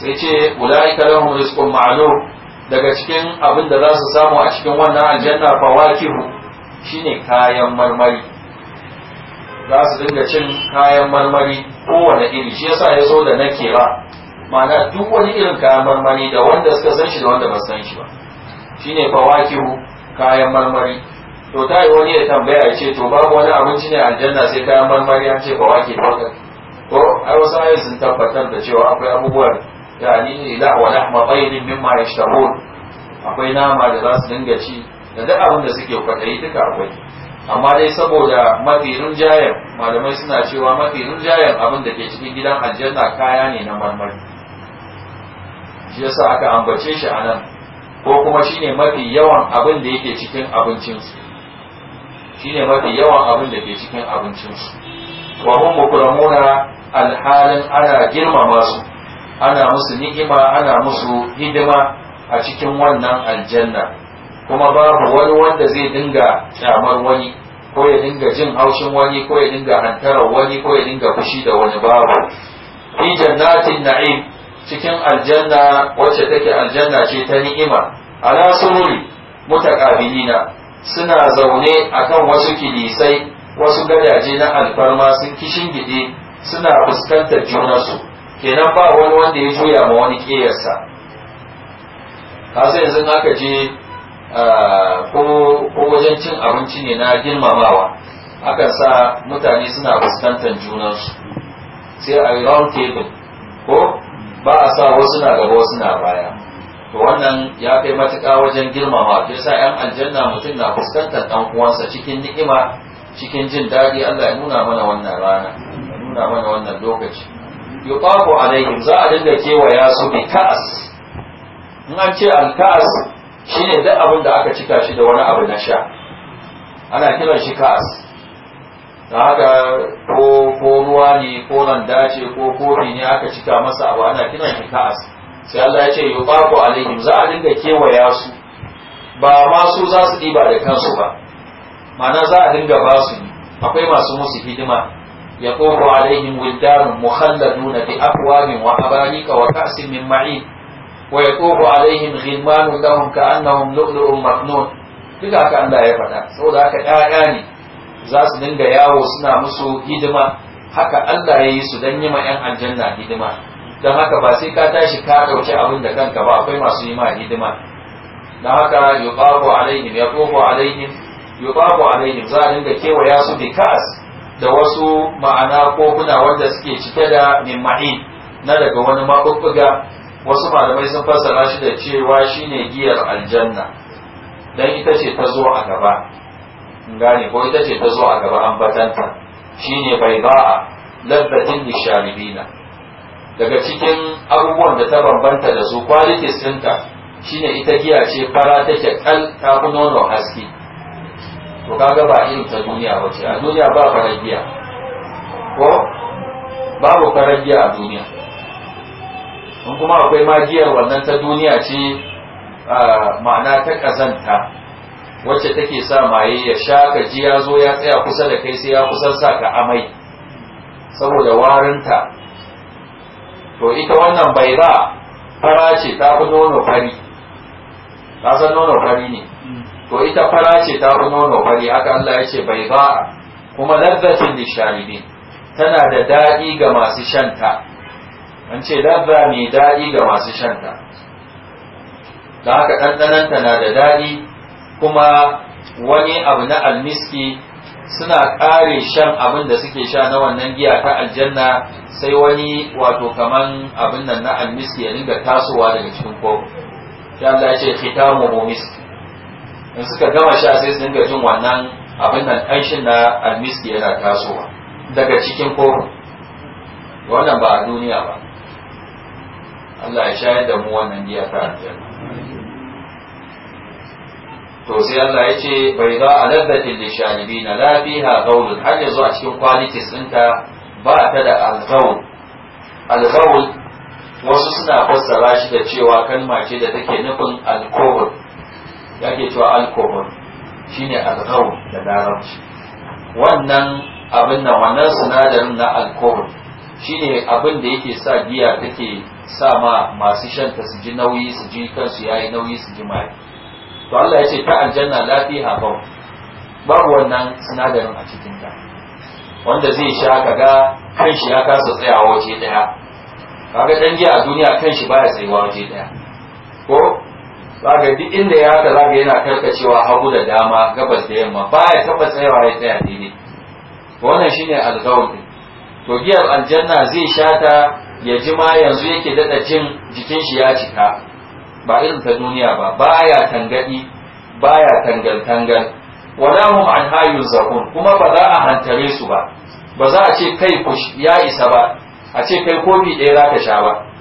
sai ce ulaika lahum rizqun ma'lum daga cikin abin da za su samu a cikin wannan aljanna fawakihu shine kayan marmari za su dinga cin kayan marmari kowane iri shi yasa ya zo da na ba. ma'ana duk wani irin kayan marmari da wanda suka san shi da wanda ba san shi ba shine fawakihu kayan marmari to ta yi wani ya tambaya ya ce to babu wani abinci ne aljanna sai kayan marmari an ce fawaki ko ai wasu ayoyi sun tabbatar da cewa akwai abubuwan yani ne lahwa lahma tayrin mimma yashtahun akwai nama da za su dinga ci da duk abin da suke kwadayi duka akwai amma dai saboda mafi rinjayen malamai suna cewa mafi rinjayen abin da ke cikin gidan aljanna kaya ne na marmari shi yasa aka ambace shi anan. ko kuma shine mafi yawan abin da yake cikin shine mafi yawan abin da ke cikin abincinsu wa hum mukramuna alhalin ana girmama su ana musu ni'ima ana musu hidima a cikin wannan aljanna kuma babu wani wanda zai dinga kyamar wani ko ya dinga jin haushin wani ko ya dinga hantarar wani ko ya dinga fushi da wani babu fi jannatin na'im cikin aljanna wacce take aljanna ce ta ni'ima ala sururi mutaqabilina suna zaune akan wasu kilisai wasu gadaje na alfarma sun kishin gidi, suna fuskantar junansu kenan ba wani wanda ya juya ma wani kiyarsa kasa yanzu aka je ko wajen cin abinci ne na girmamawa akan sa mutane suna fuskantar junansu sai a round table ko ba a sa wasu na gaba wasu na baya to wannan ya kai matuka wajen girmama ke sa 'yan aljanna mutum na fuskantar ɗan uwansa cikin ni'ima cikin jin daɗi Allah ya nuna mana wannan rana ya nuna mana wannan lokaci yutafu alaihim za a dinga kewaya su bi ka'as in an ce al ka'as shine duk abin da aka cika shi da wani abu na sha ana kiran shi ka'as da haka ko ko ruwa ne ko nan dace ko kofi ne aka cika masa abu ana kiran shi ka'as sai Allah ya ce yutafu alaihim za a dinga kewaya su ba ma su za su diba da kansu ba ma'ana za a dinga ba su akwai masu musu hidima يطوف عليهم ولدان مخلدون بأكواب وأباريك وكأس من معين ويطوف عليهم غلمان لهم كأنهم لؤلؤ مكنون duka haka Allah ya faɗa saboda haka ‘ya'ya ne za su dinga yawo suna musu hidima haka Allah ya yi su don yi ma ‘yan aljanna hidima don haka ba sai ka tashi ka ɗauki abinda kanka ba akwai masu yi ma hidima don haka yubabu alaihim ya alaihim yubabu alaihim za a dinga kewaya su bi da wasu ma'ana ko kuna wanda suke cike da mimmahin na daga wani maɓuɓɓuga wasu malamai sun fassara shi da cewa shine giyar aljanna dan ita ce ta zo a gaba gane ko ita ce ta zo a gaba an batanta shine bai ba'a labbatin nishalibina daga cikin abubuwan da ta bambanta da su kwalitis ɗinta shine ita giya ce fara take kal ta nono haske to kaga ba irin ta duniya ba ce a duniya ba farar giya ko babu farar giya a duniya in kuma akwai magiyar wannan ta duniya ce ma'ana ta kazanta wacce take sa maye ya sha ka ji ya zo ya tsaya kusa da kai sai ya kusan sa ka amai saboda warinta to ita wannan bai za fara ce ta fi nono fari ta san nono fari ne mm. to ita fara ce ta fi nono fari haka Allah ya ce bai ba kuma lazzatin lisharibin tana da daɗi ga masu shanta an ce lazza mai daɗi ga masu shanta da haka ta na da daɗi kuma wani abu na almiski suna ƙare shan abin da suke sha na wannan giya ta aljanna sai wani wato kaman abin nan na almiski ya dinga tasowa daga cikin kofi. Ya Allah ya ce khitamu miski in suka gama sha sai su dinga jin wannan abin nan ƙanshin na almiski yana tasowa daga cikin koren wannan ba a duniya ba Allah ya shayar da mu wannan giya ta aljanna to sai Allah ya ce bai za a da shalibi na lafiha gaulun har yanzu a cikin kwalitis ɗinta ba ta da alzawul alzawul wasu suna fassara shi da cewa kalma ce da take nufin alkohol ya ke cewa alkohol shine alghau da larabci wannan abin nan wannan sinadarin na alkohol shine abin da yake sa giya take sa ma masu shanta su ji nauyi su ji kansu yi nauyi su ji mai to Allah ya ce ta aljanna lafiya bau babu wannan sinadarin a cikin ta wanda zai sha kaga kanshi ya kasa tsayawa waje daya kaga dan giya a duniya kanshi baya tsayawa waje daya ko zaka duk inda ya haka zaka yana karkacewa hagu da dama gabas da yamma ba ya taba tsayawa ya tsaya daidai wannan shine alqaul to giyar aljanna zai shata ya ji ma yanzu yake dada jin jikin shi ya cika ba irin ta duniya ba baya tangadi baya tangal tangal wala hum an hayu zakun kuma ba za a hantare su ba ba za a ce kai kush ya isa ba a ce kai kofi ɗaya zaka sha ba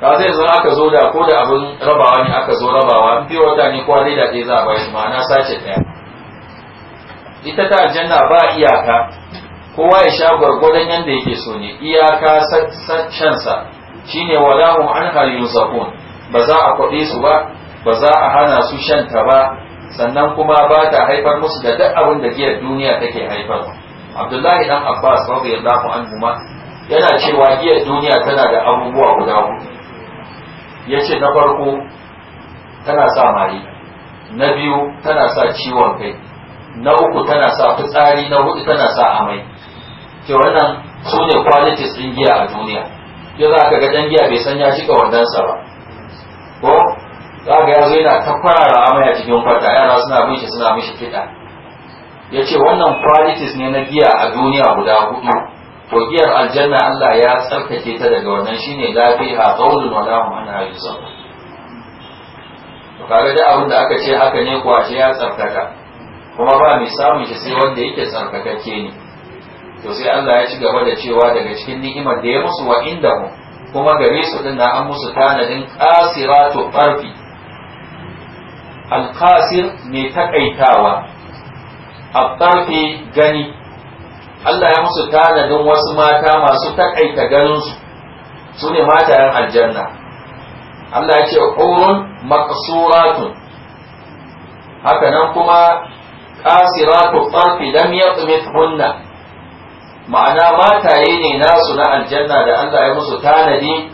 ka zai zo aka zo da ko da abin rabawa ne aka zo rabawa in biyo wata ne kowa da ke za a bayan ma'ana sace ɗaya ita ta aljanna ba iyaka kowa ya sha gwargwadon yadda yake so ne iyaka shansa shine walahum an halin zakon ba za a kwaɗe su ba ba za a hana su shanta ba sannan kuma ba ta haifar musu da duk abin da giyar duniya take haifarwa abdullahi dan abbas radiyallahu anhu ma yana cewa giyar duniya tana da abubuwa guda hudu ya ce na farko tana sa mari na biyu tana sa ciwon kai na uku tana sa fitsari na hudu tana sa amai ke wannan su ne qualities din giya a duniya ya za ka ga dan giya bai san ya shiga wandansa ba ko za ga yazo yana ta kwarara amai a cikin kwata yara suna bin suna mishi kiɗa ya ce wannan kwalitis ne na giya a duniya guda hudu wakiyar aljanna Allah ya tsarkake ta daga wannan shine la fiha qawlun wa la hum anha to kaga da abin da aka ce haka ne kuwa ce ya tsarkaka kuma ba mai samun shi sai wanda yake tsarkakakke ne to sai Allah ya ci gaba da cewa daga cikin ni'imar da ya musu wa inda mu kuma gare su din na an musu tanadin qasiratu qarfi al-qasir ne takaitawa a gani Allah ya musu tanadin wasu mata masu takaita ganinsu su ne matayen aljanna Allah ya ce ƙurun maqsuratun haka nan kuma qasiratu tarfi lam yatmithunna ma'ana mataye ne nasu na aljanna da Allah ya musu tanadi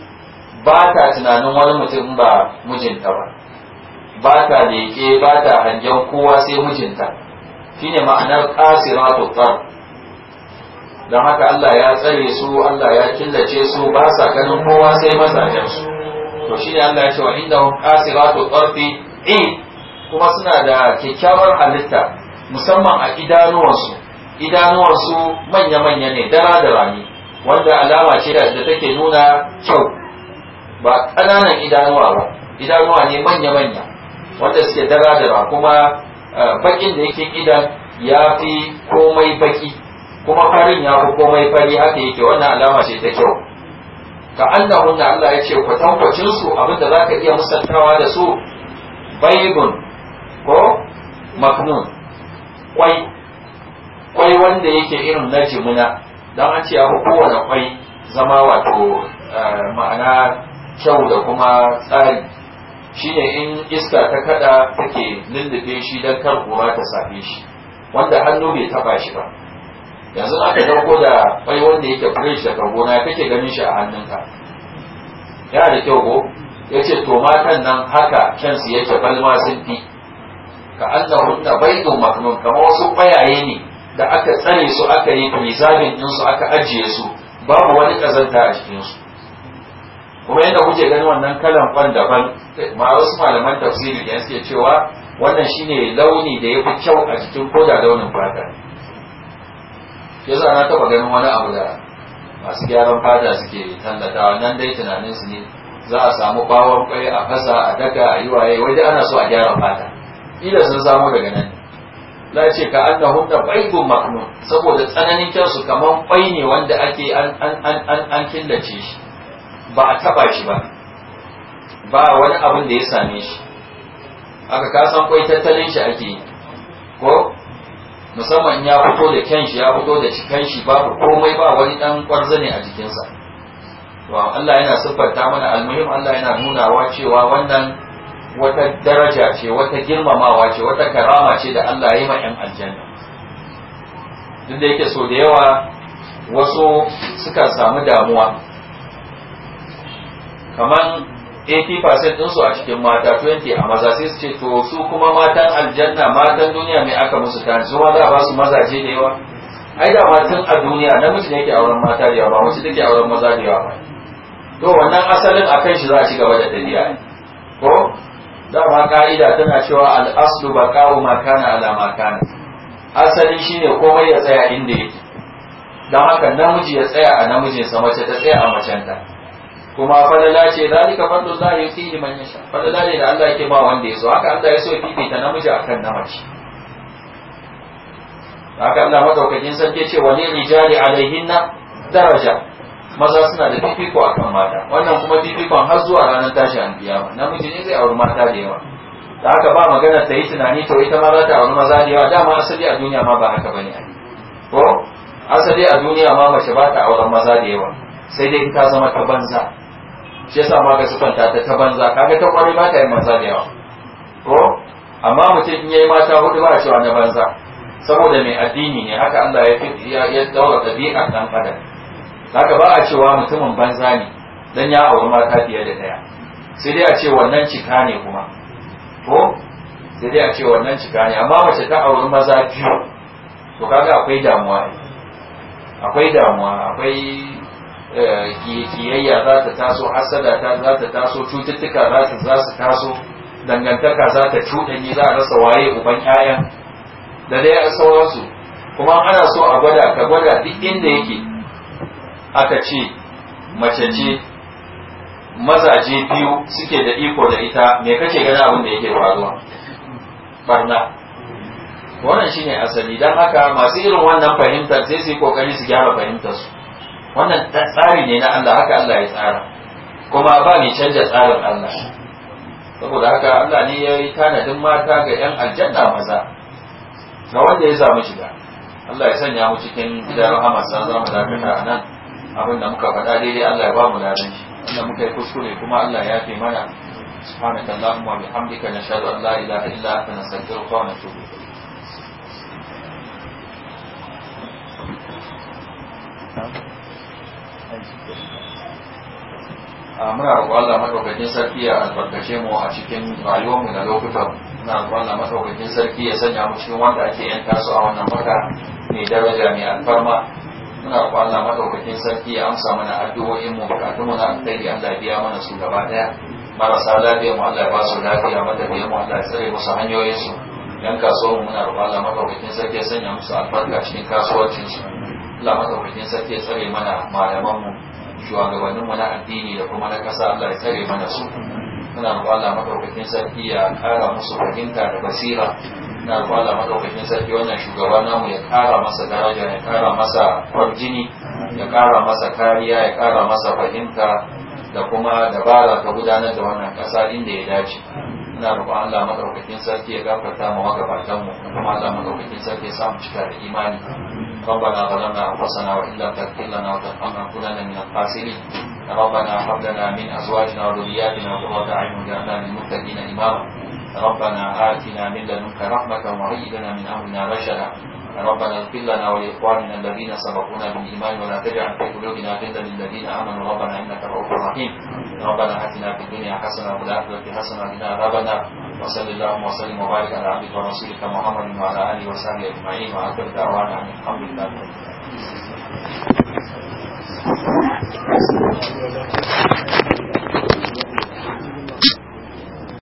ba ta tunanin wani mutum ba mijinta ba ba ta leƙe ba ta hangen kowa sai mijinta shine ma'anar qasiratu tarfi don haka Allah ya tsare su Allah ya killace su ba sa ganin kowa sai mazajen su to shi ne Allah ya ce wa inda hum qasiratu tarfi in kuma suna da kyakkyawar halitta musamman a idanuwansu idanuwansu manya-manya ne dara da rami wanda alama ce da take nuna kyau ba ƙananan idanuwa ba idanuwa ne manya-manya wanda suke dara da kuma eh, bakin da yake idan ya fi komai baki kuma farin ya fi komai fari haka yake wannan alama ce ta kyau ka wanda Allah ya ce kwatankwacin su abinda za ka iya musantawa da su baibun ko maknun kwai kwai wanda yake irin na jimuna, don an ce ya fi kowane kwai zama wato eh, ma'ana kyau da kuma tsari shine in iska ta kada take lullube shi don kar kura ta safe shi wanda hannu bai taba shi ba yanzu za ka dauko da bai wanda yake fresh daga gona ya kake ganin shi a hannunka ya da kyau ko ya ce to matan nan haka kyansu yake balma sun fi ka annahun bai don maknun kamar wasu bayaye ne da aka tsare su aka yi misalin din su aka ajiye su babu wani kazanta a cikin su kuma yadda kuke ganin wannan kalan kwan daban ma wasu malaman tafsiri da suke cewa wannan shine launi da ya fi kyau a cikin koda launin fata ya za na taba ganin wani abu da masu gyaran fata suke tallatawa nan dai tunanin su ne za a samu bawon kwai a fasa a daga a yi waye wajen ana so a gyara fata ila sun samu daga nan la ce ka an da baidun maknun saboda tsananin kyansu kamar kwai ne wanda ake an an killace shi ba a taba shi ba ba wani abin da ya same shi aka kasan kwai tattalin shi ake yi ko musamman ya fito da kyan shi ya fito da cikan shi babu komai ba wani dan kwarza ne a jikinsa to Allah yana siffarta mana almuhim Allah yana nunawa cewa wannan wata daraja ce wata girmamawa ce wata karama ce da Allah ya yi ma yan aljanna duk da yake so da yawa wasu suka samu damuwa kamar 80% ɗinsu a cikin mata 20 a maza sai su ce to su kuma matan aljanna matan duniya mai aka musu ta su ma za a ba su mazaje da yawa ai da matan a duniya namiji ne yake auren mata da yawa ba mace take auren maza da yawa ba to wannan asalin a kan shi za a ci gaba da tafiya ko dama ka'ida tana cewa al-aslu ba ma makana ala kana asali shine komai ya tsaya inda yake Dan haka namiji ya tsaya a namijinsa mace ta tsaya a macenta kuma Fadala ce zalika fadlu Allah yusihi man yasha Fadala ne da Allah yake ba wanda ya haka Allah ya so fifita namiji akan namace haka Allah madaukakin sarki ce wani rijali alaihinna daraja maza suna da fifiko akan mata wannan kuma fifikon har zuwa ranar tashi an kiyama namiji ne zai auri mata da yawa da haka ba magana ta yi tunani to ita ma za ta auri maza da yawa dama asali a duniya ma ba haka bane ko asali a duniya ma mace ba ta auren maza da yawa sai dai ta zama ta banza shi yasa ma ka sifanta ta ta banza kaga ta kwarai ba ta yi banza da yawa ko amma mutum in yayi mata hudu ba cewa na banza saboda mai addini ne haka Allah ya ya ya daura tabi'a dan adam haka ba a cewa mutumin banza ne dan ya auri mata fiye da daya sai dai a ce wannan cika ne kuma ko sai dai a ce wannan cika ne amma mace ta auri maza biyu to kaga akwai damuwa akwai damuwa akwai kiyayya za ta taso hasada ta za ta taso cututtuka za su taso dangantaka za ta cuɗanyi za a rasa waye uban 'ya'yan da dai sauransu kuma ana so a gwada ka gwada duk inda yake aka ce mace ce mazaje biyu suke da iko da ita me kake gani abin da yake faruwa barna wannan shine asali dan haka masu irin wannan fahimtar sai su yi kokari su gyara fahimtar su wannan tsari ne na Allah haka Allah ya tsara kuma ba ni canja tsarin Allah saboda haka Allah ne ya yi tanadin mata ga 'yan aljanna maza ga wanda ya samu shiga Allah ya sanya mu cikin gidan rahamarsa za mu dakata a nan abin da muka faɗa daidai Allah ya ba mu ladan shi wanda muka yi kuskure kuma Allah ya fi mana سبحانك اللهم وبحمدك نشهد أن لا إله إلا أنت نستغفرك ونتوب إليك Thank you. muna roƙon Allah madaukakin sarki ya albarkace mu a cikin rayuwarmu na lokutan muna roƙon Allah madaukakin sarki ya sanya mu cikin wanda ake yanta su a wannan wata mai daraja mai alfarma muna roƙon Allah madaukakin sarki ya amsa mana addu'o'in mu bukatun mu na alkhairi Allah biya mana su gaba ɗaya. marasa lafiya mu Allah ya ba su lafiya matafiya mu Allah ya tsare musu hanyoyinsu. su yan kasuwar muna roƙon Allah madaukakin sarki ya sanya musu albarka cikin kasuwancinsu. su Allah madaukakin sarki ya tsare mana malamanmu shugabanninmu na addini da kuma na ƙasa Allah ya tsare mana su muna roƙon Allah madaukakin sarki ya ƙara musu fahimta da basira muna roƙon Allah madaukakin sarki wannan shugaba namu ya ƙara masa daraja ya ƙara masa kwarjini ya ƙara masa kariya ya ƙara masa fahimta da kuma dabara ta gudanar da wannan ƙasa inda ya dace muna roƙon Allah madaukakin sarki ya gafarta mu gabatanmu kuma Allah madaukakin sarki ya samu cika da imani ربنا ظلمنا أنفسنا وإن لم تغفر لنا وترحمنا كلنا من الخاسرين ربنا هب لنا من أزواجنا وذرياتنا قرة أعين واجعلنا للمتقين إماما ربنا آتنا من لدنك رحمة وهيئ لنا من أمرنا رشدا ربنا اغفر لنا ولإخواننا الذين سبقونا بالإيمان ولا تجعل في قلوبنا غلا للذين آمنوا ربنا إنك رؤوف رحيم ربنا آتنا في الدنيا حسنة وفي الآخرة حسنة وقنا عذاب النار wasallallahu wasallim wa barik ala abdika wa rasulika Muhammadin wa ala alihi wa sahbihi ajma'in wa akhir da'wana alhamdulillah Thank you.